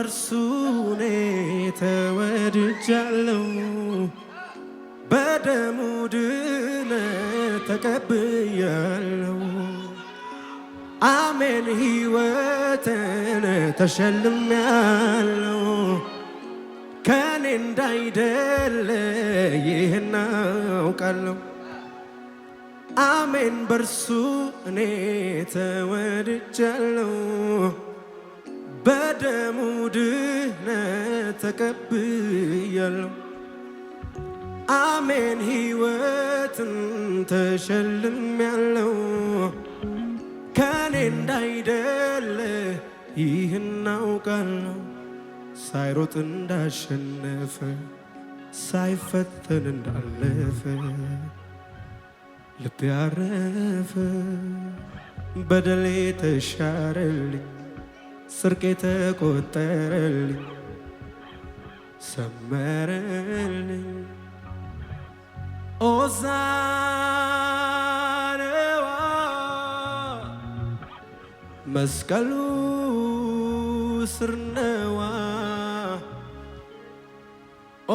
በርሱ እኔ ተወድጃለሁ፣ በደሙ ድነት ተቀብያለሁ። አሜን ሕይወትን ተሸልሜያለሁ። ከኔ እንዳይደለ ይህን አውቃለሁ። አሜን በርሱ እኔ ተወድጃለሁ በደሙ ድነት ተቀብያለሁ። አሜን ሕይወትን ተሸልሜያለሁ። ከኔ እንዳይደለ ይህን አውቃለሁ። ሳይሮጥ እንዳሸነፈ ሳይፈተን እንዳለፈ ልቤ አረፈ፣ በደሌ ተሻረልኝ ጽድቄ ተቆጠረልኝ ሰመረልኝ ኦዛነዋ መስቀሉ ስርነዋ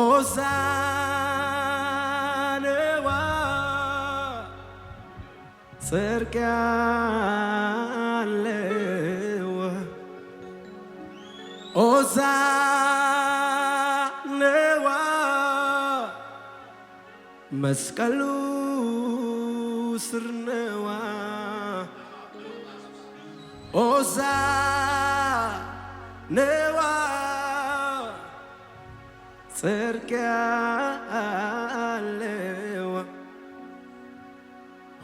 ኦዛነዋ ጽድቅ በመስቀሉ ስር ነዋ ሆሳዕናዋ ጽድቅ ያለዋ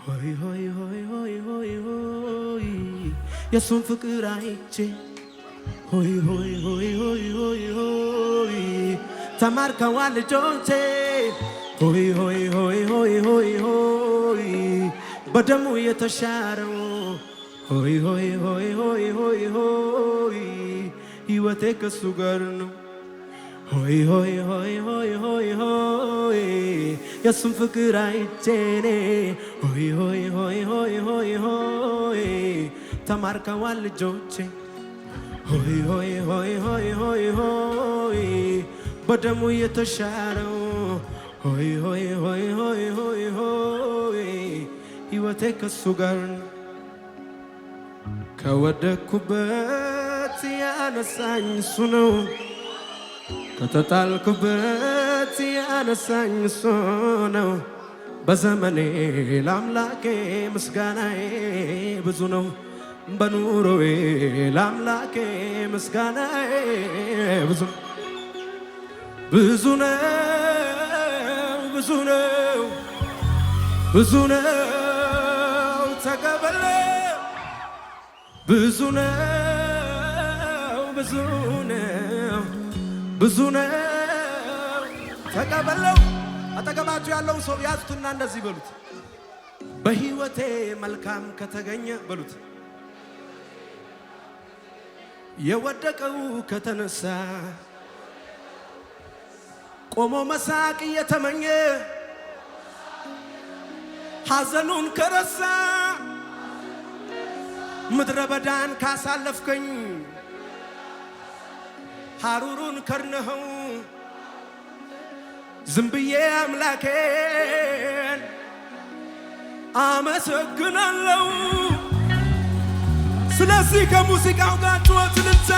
ሆይ ሆይ ሆይ ሆይ ሆይ ሆይ የእሱን ፍቅር አይቼ ሆይ ሆይ ሆይ ሆይ ሆይ ሆይ ተማርከዋል ልጆቼ ሆይ ሆይ ሆይ ሆይ ሆይ ሆይ በደሙ የተሻረው ሆይ ሆይ ሆይ ሆይ ሆይ ሆይ ሕይወቴ ከሱ ጋር ነው። ሆይ ሆይ ሆይ ሆይ ሆይ ሆይ የሱን ፍቅር አይቼኔ ሆይ ሆይ ሆይ ሆይ ሆይ ሆይ ተማርከዋል ልጆቼ ሆይ ሆይ ሆይ ሆይ ሆይ ሆይ በደሙ የተሻረው ሆይ ሆይ ሆይ ሆይ ሆይ ሆይ ሕይወቴ ከሱ ጋር ከወደኩበት ያነሳኝ እሱ ነው። ከተጣልኩበት ያነሳኝ እሱ ነው። በዘመኔ ለአምላኬ ምስጋናዬ ብዙ ነው። በኑሮዬ ለአምላኬ ምስጋናዬ ብዙ ብዙ ነው ብዙ ነው ብዙ ነው ተቀበለ ብዙ ነው ብዙ ነው ብዙ ነው ተቀበለው። አጠገባችሁ ያለውን ሰው ያዙትና እንደዚህ በሉት፣ በህይወቴ መልካም ከተገኘ በሉት፣ የወደቀው ከተነሳ ቆሞ መሳቅ እየተመኘ ሐዘኑን ከረሳ ምድረ በዳን ካሳለፍከኝ ሐሩሩን ከርነኸው ዝምብዬ አምላኬን አመሰግናለሁ። ስለዚህ ከሙዚቃው ጋር ትወት ልንሳ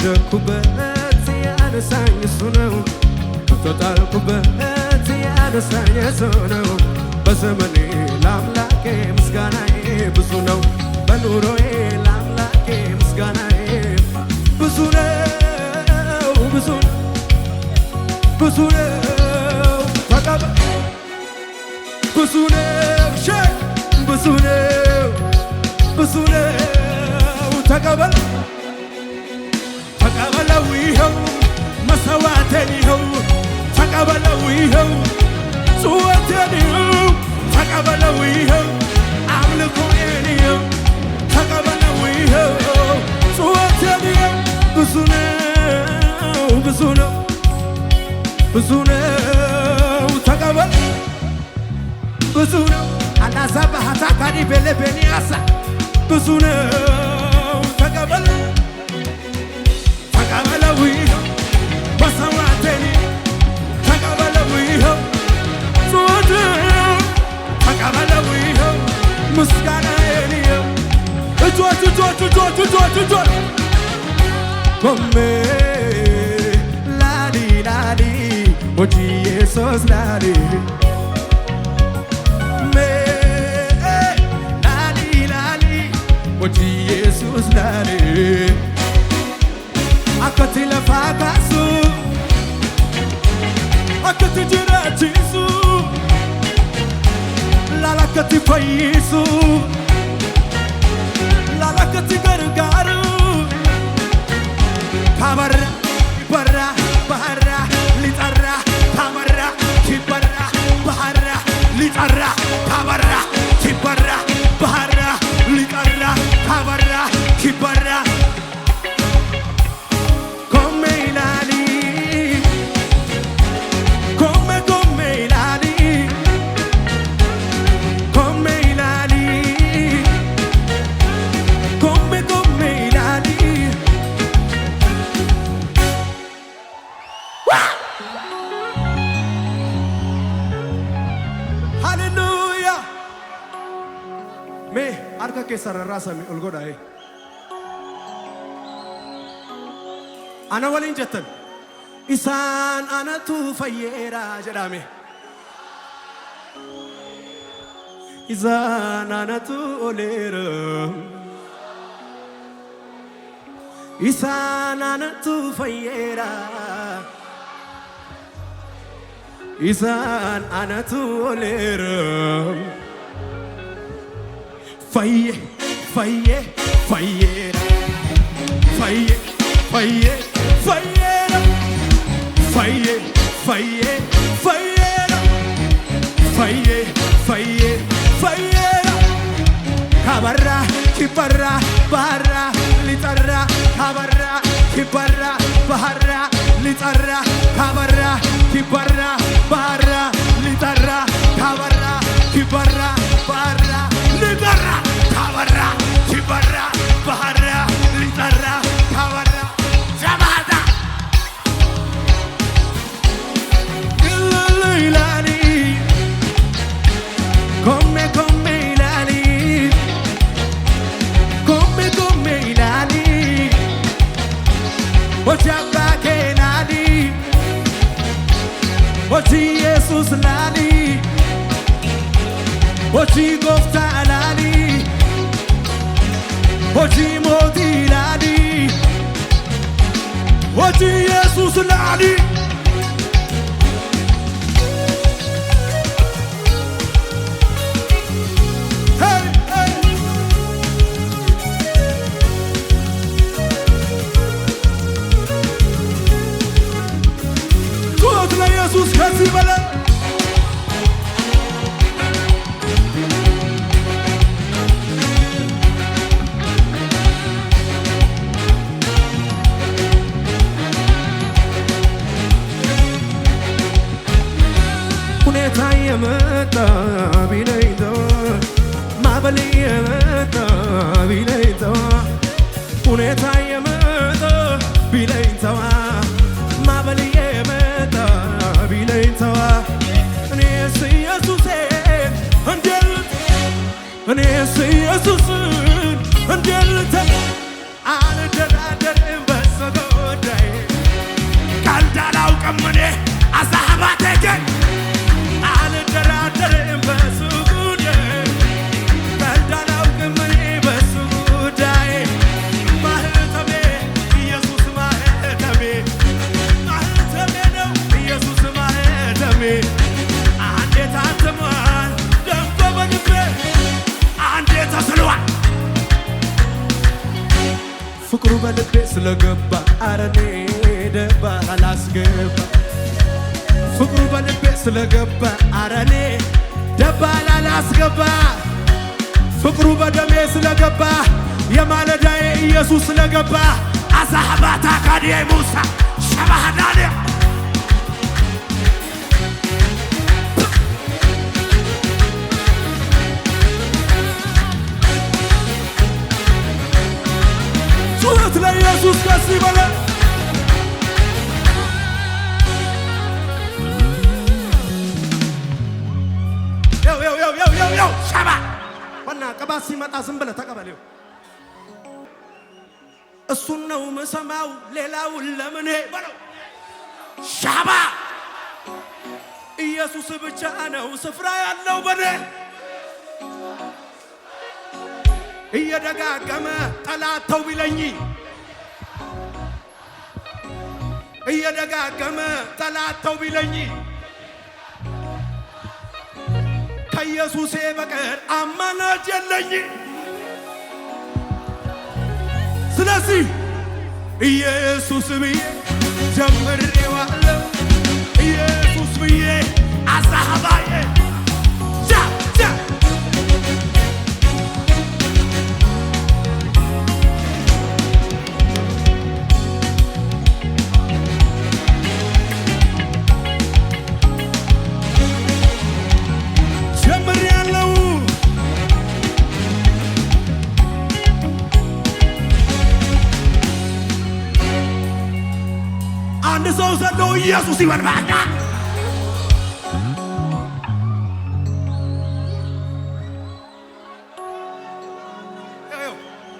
ከወደኩበት ያነሳኝ እሱ ነው። ከተጣልኩበት ያነሳኝ እሱ ነው። በዘመኔ ለአምላኬ ምስጋናዬ ብዙ ነው። በኑሮዬ ለአምላኬ ምስጋናዬ ብዙ ነው። ብዙ ብዙ ነው። ተቀበ ብዙ ነው። ሸ ብዙ ነው። ብዙ ነው። ተቀበል ተቀበለው ይኸው መሰዋዕቴን ይኸው ተቀበለው ይኸው ጽዋቴን ይኸው ተቀበለው ይኸው አምልኮዬን ይኸው ተቀበለው ይኸው ጽዋቴን ይኸው ብዙ ነው ብዙ ነው ብዙ ነው ተቀበል ብዙ ነው አናዛ ባህታ ታዲ ቤሌ ቤኒ ብዙ ነው ምስጋና የኔው እጆች እጆች እጆች እጆች እጆች ጎሜ ኢየሱስ ላሊ Lala jirachisu Lala kati faisu Lala kati gargaru Kabara, bara, bahara, litara Kabara, kibara, bahara, litara Kabara, kibara, bahara, litara Kabara, kibara केसर रासा ఒల్గొడ है ana waliin jettan isaan anatu fayyeera jedhame isaan anatu oleera isaan anatu fayyeera isaan anatu oleera fire, fire, fire, fire, fire, fire, fire, fire, fire, fire, fire, Habarra, kibarra, barra, litarra, habarra, kibarra, barra, litarra, habarra, kibarra. hoji abbaa keenaani hojii yesus laani hojii gooftaa laani hojii mootii laani hojii yesus laani የመጣ ቢለይቶ ማዕበል የመጣ ቢለይቶ ሁኔታ የመጣ ቢለይተዋ ማዕበል የመጣ ቢለይተዋ እኔስ ኢየሱሴን እንዴት እኔስ ኢየሱስን እንዴት አልደራደርም በሰ ጉዳይ ቀልድ አላውቅም እኔ አሳባቴ ግን ለገባ አረኔ ደባ አላስገባ ፍቅሩ በልቤ ስለገባ አረኔ ደባ አላስገባ ፍቅሩ በደሜ ስለገባ የማለዳዬ ኢየሱስ ስለገባ አዛህባታ ካዲያ ሙሳ ሸባህዳንያ ጩኸት ለኢየሱስ ቀስ ይበለ ሸባ ዋና ቅባት ሲመጣ ዝም ብለህ ተቀበሌው። እሱን ነው ምሰማው ሌላውን ለምኔ በለው ሻባ ኢየሱስ ብቻ ነው ስፍራ ያለው በኔ እየደጋገመ ጠላት ተው ቢለኝ እየደጋገመ ጠላት ተው ቢለኝ ከኢየሱሴ በቀር አማላጅ የለኝ። ስለዚህ ኢየሱስ ብዬ ጀምሬዋለሁ ኢየሱስ ብዬ አሳባይ ኢየሱስ ይበልባና